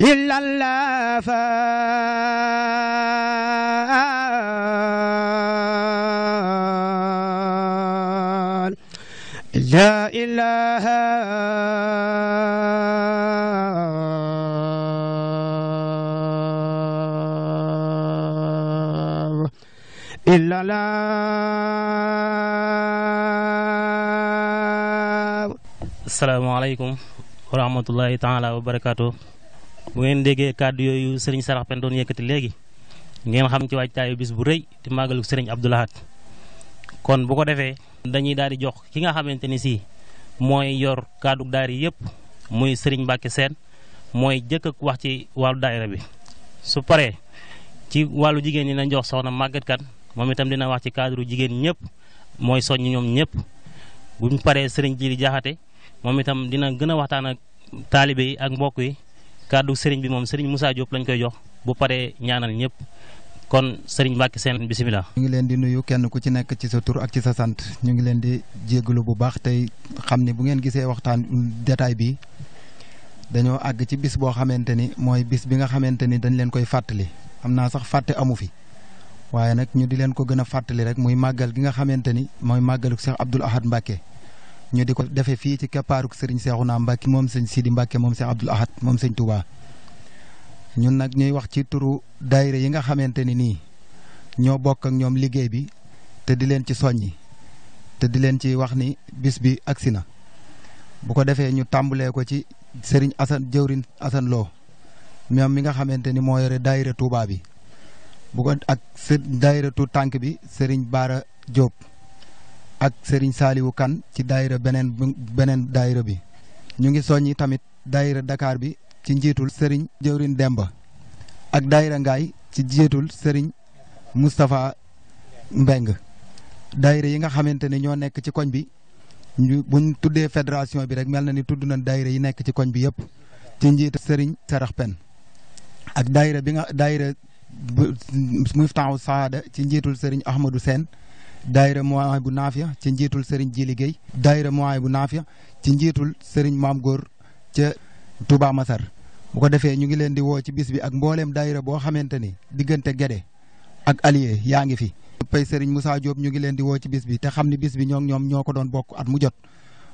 إلا الله لا إله إلا الله السلام عليكم ورحمة الله تعالى وبركاته bu ngeen déggee kàddu yooyu sëriñ Sarax Pen doon yëkkati léegi ngeen xam ci waajtaayu bis bu rëy di màggalu sëriñ Abdou Lahad kon bu ko defee dañuy daal di jox ki nga xamante ni si mooy yor kàddu daayira yëpp muy sëriñ Mbacke seen mooy jëkk ak wax ci wàllu daayira bi su paree ci wàllu jigéen ñi nañ jox soxna Maguette Kane moom itam dina wax ci cadre jigéen ñëpp mooy soññ ñoom ñëpp buñ paree sëriñ Jili Jaxate moom itam dina gën a waxtaan ak taalibe ak mbokk yi kàddu sëriñ bi moom sëriñ Moussa Diop lañ koy jox bu paree ñaanal ñëpp kon sëriñ Mbacke seen bisimilah. ñu ngi leen di nuyu kenn ku ci nekk ci sa tur ak ci sa sant ñu ngi leen di jégalu bu baax tey xam ne bu ngeen gisee waxtaan détail bi dañoo àgg ci bis boo xamante ni mooy bis bi nga xamante ni dañ leen koy fàttali am naa sax fàtte amu fi. waaye nag ñu di leen ko gën a fàttali rek muy màggal gi nga xamante ni mooy màggalu Cheikh Abdoul Ahad Mbacke ñu diko ko fi ci keppaaruk sëriñ Seexuna Mbàkke mom sëñ Sidi Mbàkke mom sëñ Abdul Ahad mom sëñ Touba ñun nag ñuy wax ci turu daayira yi nga xamanteni ni ño bok ak ñom liggéey bi té di leen ci soñi té di leen ci wax ni bis bi aksina bu ko ñu tambulé ko ci sëriñ Assane Assane Lo moom mi nga xamanteni mo yoré daayira Touba bi bu ko ak daayira tu tank bi sëriñ bara Diop ak Serigne Saliou kan ci daaira benen benen daaira bi ñu ngi soñi tamit daaira Dakar bi ci njitul Serigne jeurine Demba ak daaira Ngaay ci njiitul Serigne mustapha Mbeng daaira yi nga xamantene ño nek ci koñ bi ñu buñ tuddé fédération bi rek melna ni tuddu na daaira yi nek ci koñ bi yépp ci njit Serigne Sarax Pen ak daaira bi nga Mustafa Miftahou Saada ci njitul Serigne Ahmadou sen daayira Mawahibou bu Nafia ci njiitul sëriñ Djili Guèye daayira Mawahibou bu Nafia ci njiitul sëriñ Maam Góor ca Touba Masar bu ko defee ñu ngi leen di woo ci bis bi ak mbooleem daayira boo xamante ni diggante Guédé ak Allié yaa ngi fi. pay Serigne Moussa Diop ñu ngi leen di woo ci bis bi te xam ni bis bi ñoom ñoom ñoo ko doon bokk at mu jot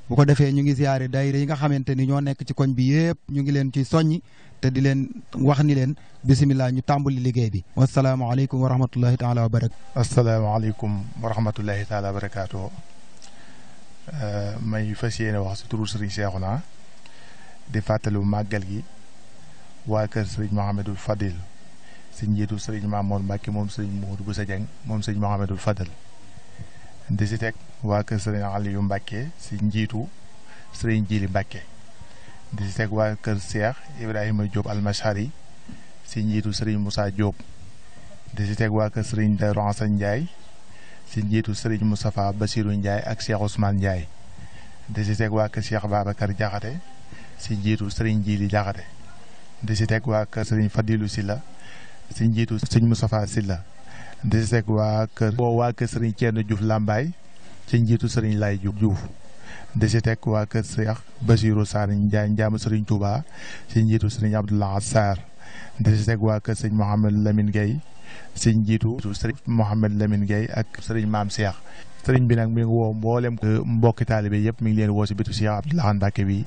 bu ko defee ñu ngi ziare daayira yi nga xamante ni ñoo nekk ci koñ bi yëpp ñu ngi leen ci soññi te di leen wax ni leen bisimilah ñu tàmbali liggéey bi. wasalaamaaleykum wa rahmatullahi taala wa barakaatu. asalaamaaleykum wa rahmatullahi taala wa barakaatu. may fas yéene wax si turu Serigne Cheikhouna di fàttaliwu màggal gi waa kër Serigne Mohamedou Fadil si njiitu Serigne Mamour Mbacke moom Serigne Mouhoud Boussa Dieng moom Serigne Mohamedou Fadil. di si teg waa kër sëriñ Aliou Mbacke si njiitu sëriñ Jili Mbacke di teg waa kër Cheikh Ibrahima Diop almashari si njiitu sëriñ musa Diop di teg waa kër sëriñ Darou Hassane Ndiaye si njiitu sëriñ Moustapha Bassirou Ndiaye ak Cheikh Ousmane Ndiaye di si teg waa kër Cheikh Babacar Diakhaté si njiitu sëriñ Jili Diakhaté di si teg waa kër sëriñ Fadilou Silla si njiitu sëriñ Moustapha Silla di seeg waa kër woo waa kër sëriñ Thierno Diouf Lambaye ci njiitu sëriñ Lay Diouf di si teg waa kër Cheikh Basirou Sarr Ndiaye njaamu sëriñ Touba ci njiitu sëriñ Abdoulaye Sarr di si teg waa kër sëriñ Mohamed Lamine Gueye ci njiitu sëriñ Mohamed Lamine Gueye ak sëriñ Maam Cheikh sëriñ bi nag mi ngi woo mboolem euh, mbokki taalibe yëpp mi ngi leen woo si bitu Cheikh Abdoulaye Mbacke bi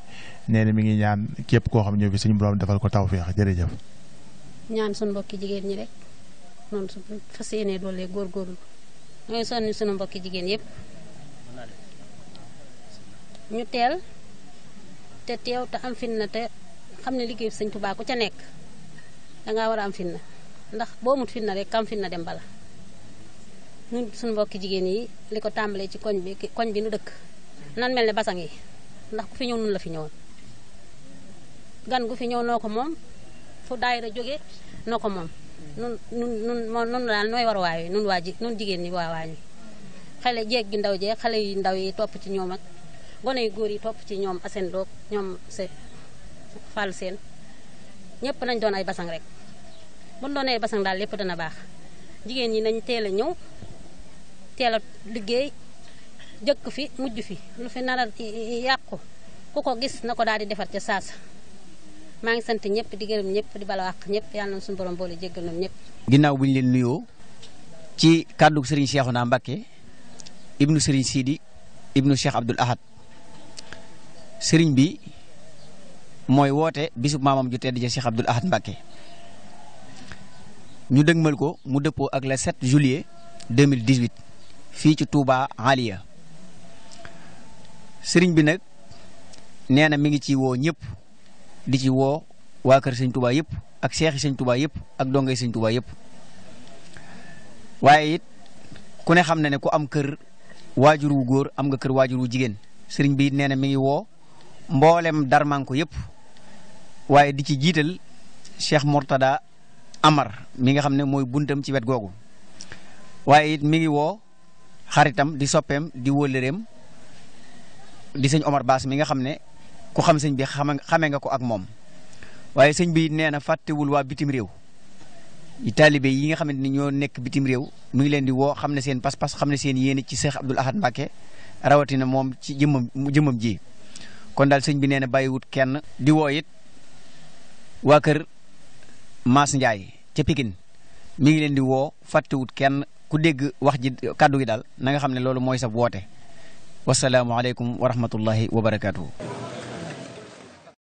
nee na mi ngi ñaan képp koo xam ñëw fi suñu borom defal ko taw jërëjëf ñaan suñu moom su fas yéenee doole góorgóorlu mooy sonni sunu mbokki jigéen yépp ñu teel te teew te am fitna te xam ne liggéey sañ Tuubaa ku ca nekk dangaa war a am fitna ndax boo mut fitna rek kam fitna dem bala ñun suñu mbokki jigéen yi li ko tàmbalee ci koñ bi koñ bi nu dëkk nan mel ni basang yi ndax ku fi ñëw nun la fi ñëwoon gan gu fi ñëw noo ko moom fu daayira jóge noo ko moom nun nun nun nun waa ji nun jigéen ñi waa xale jeeg gi ndaw jeeg xale yu ndaw yi topp ci ñoom ak gone yu góor yi topp ci ñoom asen doog ñoom se fàll seen ñëpp nañ doon ay basang rek bu ñu doonee basang daal lépp dana baax jigéen ñi nañ teel a ñëw teel a liggéey jëkk fi mujj fi lu fi naral yàqu ku ko gis na ko daal di defar ca saasa maa ngi sant ñëpp di gërëm ñëpp di bala wax ñëpp yàlla na suñu borom boole jéggal noonu ñëpp. ginnaaw bu leen nuyoo ci kàddu Serigne Cheikhouna Mbacké ibnu Serigne Sidi ibnu Cheikh Abdoul Ahad Serigne bi mooy woote bisu maamam ju tedd ja Cheikh Abdoul Ahad Mbacké ñu dëgmal ko mu dëppoo ak le 7 juillet 2018 fii ci Touba Aliya Serigne bi nag nee na mi ngi ci woo ñëpp. di ci wo wa keur seigne touba yep ak cheikh seigne touba yep ak dongay seigne touba yep waye it ku ne xam ne ku am keur wajuru wu góor am nga keur wajuru wu jigéen sëriñ bi neena mi ngi woo mboolem darmanko yep waye di ci jital Cheikh Amar mi nga xamne moy buntam ci wet gogou waye it mi ngi wo xaritam di sopem di wolerem di seigne Omar bass mi nga xamne ku xam sëñ bi xama xamee nga ko ak moom waaye sëñ bi nee na fàttewul waa bitim réew i taalibe yi nga xamante ni ñoo nekk bitim réew mu ngi leen di woo xam ne seen pas-pas xam na seen yéene ci Cheikh Abdoul Ahad Mbacké rawatina moom ci jëmmam jëmmam ji kon daal sëñ bi nee na bàyyiwut kenn di woo it waa kër Mass Ndiaye ca Pikine mi ngi leen di woo fàttewut kenn ku dégg wax ji kàddu gi daal na xam ne loolu mooy sa woote wasalaamualeykum wa rahmatullahi wa barakaatu.